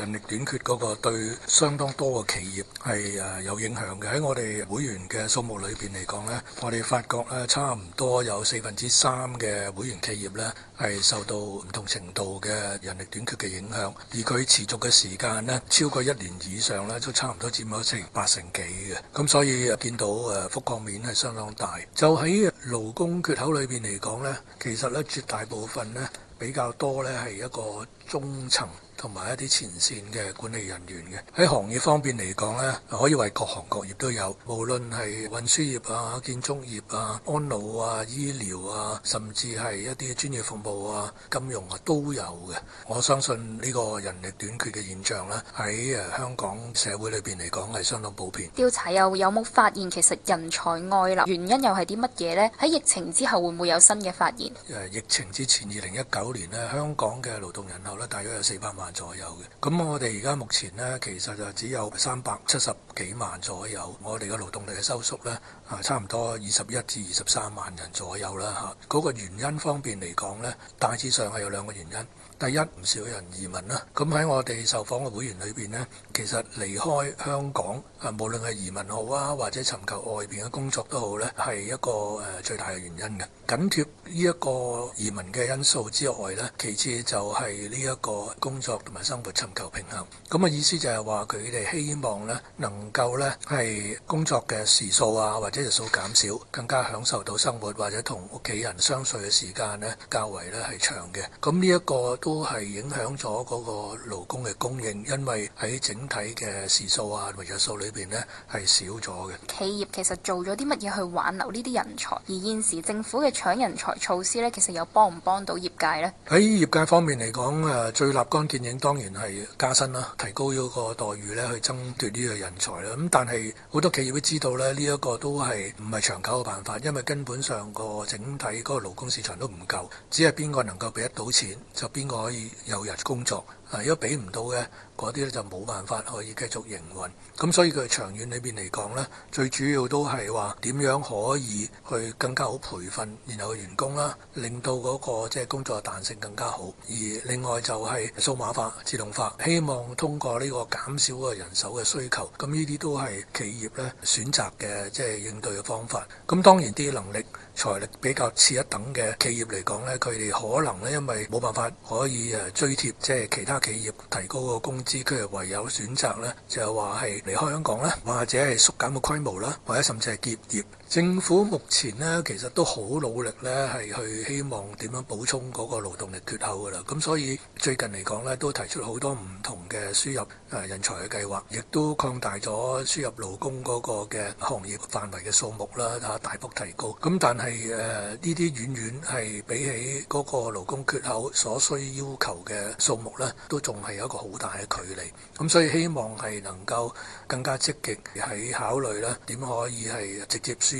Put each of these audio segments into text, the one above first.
人力短缺嗰個對相當多嘅企業係誒有影響嘅。喺我哋會員嘅數目裏邊嚟講呢，我哋發覺咧差唔多有四分之三嘅會員企業呢係受到唔同程度嘅人力短缺嘅影響，而佢持續嘅時間呢，超過一年以上呢，都差唔多佔咗成八成幾嘅。咁所以見到誒覆蓋面係相當大。就喺勞工缺口裏邊嚟講呢，其實呢絕大部分呢比較多呢係一個中層。同埋一啲前線嘅管理人員嘅，喺行業方面嚟講咧，可以為各行各業都有，無論係運輸業啊、建築業啊、安老啊、醫療啊，甚至係一啲專業服務啊、金融啊都有嘅。我相信呢個人力短缺嘅現象咧，喺誒香港社會裏邊嚟講，係相當普遍。調查又有冇發現其實人才外流原因又係啲乜嘢咧？喺疫情之後會唔會有新嘅發現？誒，疫情之前二零一九年咧，香港嘅勞動人口咧，大約有四百萬。左右嘅，咁我哋而家目前呢，其實就只有三百七十幾萬左右，我哋嘅勞動力嘅收縮呢，啊，差唔多二十一至二十三萬人左右啦，嚇。嗰個原因方面嚟講呢，大致上係有兩個原因。第一，唔少人移民啦，咁喺我哋受訪嘅會員裏邊咧，其實離開香港啊，無論係移民好啊，或者尋求外邊嘅工作都好咧，係一個誒最大嘅原因嘅。緊貼呢一個移民嘅因素之外咧，其次就係呢一個工作同埋生活尋求平衡。咁嘅意思就係話，佢哋希望咧能夠咧係工作嘅時數啊，或者日數減少，更加享受到生活或者同屋企人相處嘅時間咧較為咧係長嘅。咁呢一個。都。都係影響咗嗰個勞工嘅供應，因為喺整體嘅時數啊同埋日數裏邊咧係少咗嘅。企業其實做咗啲乜嘢去挽留呢啲人才？而現時政府嘅搶人才措施呢，其實又幫唔幫到業界呢？喺業界方面嚟講，誒最立竿見影當然係加薪啦，提高嗰個待遇咧去爭奪呢個人才啦。咁但係好多企業都知道咧，呢一個都係唔係長久嘅辦法，因為根本上個整體嗰個勞工市場都唔夠，只係邊個能夠俾得到錢就邊個。可以有日工作，啊，如果俾唔到嘅嗰啲咧就冇辦法可以繼續營運。咁所以佢長遠裏邊嚟講呢，最主要都係話點樣可以去更加好培訓然後員工啦，令到嗰個即係工作彈性更加好。而另外就係數碼化、自動化，希望通過呢個減少個人手嘅需求。咁呢啲都係企業呢選擇嘅即係應對嘅方法。咁當然啲能力，財力比較次一等嘅企業嚟講呢，佢哋可能呢，因為冇辦法可以誒追貼，即係其他企業提高個工資，佢哋唯有選擇呢，就係話係離開香港啦，或者係縮減個規模啦，或者甚至係結業。政府目前咧，其實都好努力咧，係去希望點樣補充嗰個勞動力缺口㗎啦。咁所以最近嚟講咧，都提出好多唔同嘅輸入誒人才嘅計劃，亦都擴大咗輸入勞工嗰個嘅行業範圍嘅數目啦，嚇大幅提高。咁但係誒呢啲遠遠係比起嗰個勞工缺口所需要求嘅數目咧，都仲係有一個好大嘅距離，咁所以希望係能夠更加積極喺考慮咧點可以係直接輸。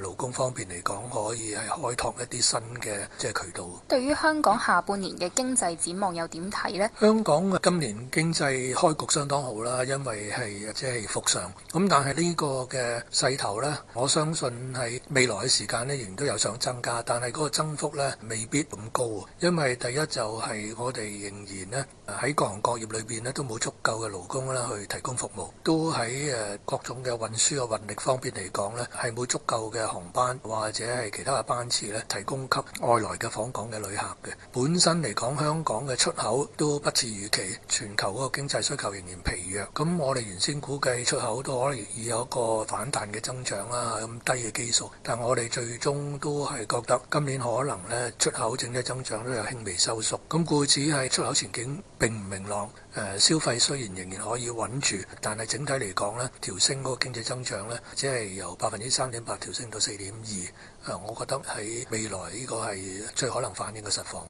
勞工方面嚟講，可以係開拓一啲新嘅即係渠道。對於香港下半年嘅經濟展望又點睇呢？香港今年經濟開局相當好啦，因為係即係復常。咁但係呢個嘅勢頭呢，我相信係未來嘅時間呢，仍然都有想增加。但係嗰個增幅呢，未必咁高。因為第一就係我哋仍然呢喺各行各業裏邊呢，都冇足夠嘅勞工啦，去提供服務。都喺誒各種嘅運輸嘅運力方面嚟講呢，係冇足夠嘅。航班或者係其他嘅班次咧，提供給外來嘅訪港嘅旅客嘅。本身嚟講，香港嘅出口都不似預期，全球嗰個經濟需求仍然疲弱。咁我哋原先估計出口都可能已有一個反彈嘅增長啦，咁低嘅基數，但我哋最終都係覺得今年可能咧出口整體增長都有輕微收縮，咁故此喺出口前景並唔明朗、呃。誒消費雖然仍然可以穩住，但係整體嚟講咧，調升嗰個經濟增長咧，只係由百分之三點八調升。到四點二，誒，我覺得喺未來呢個係最可能反映嘅實況。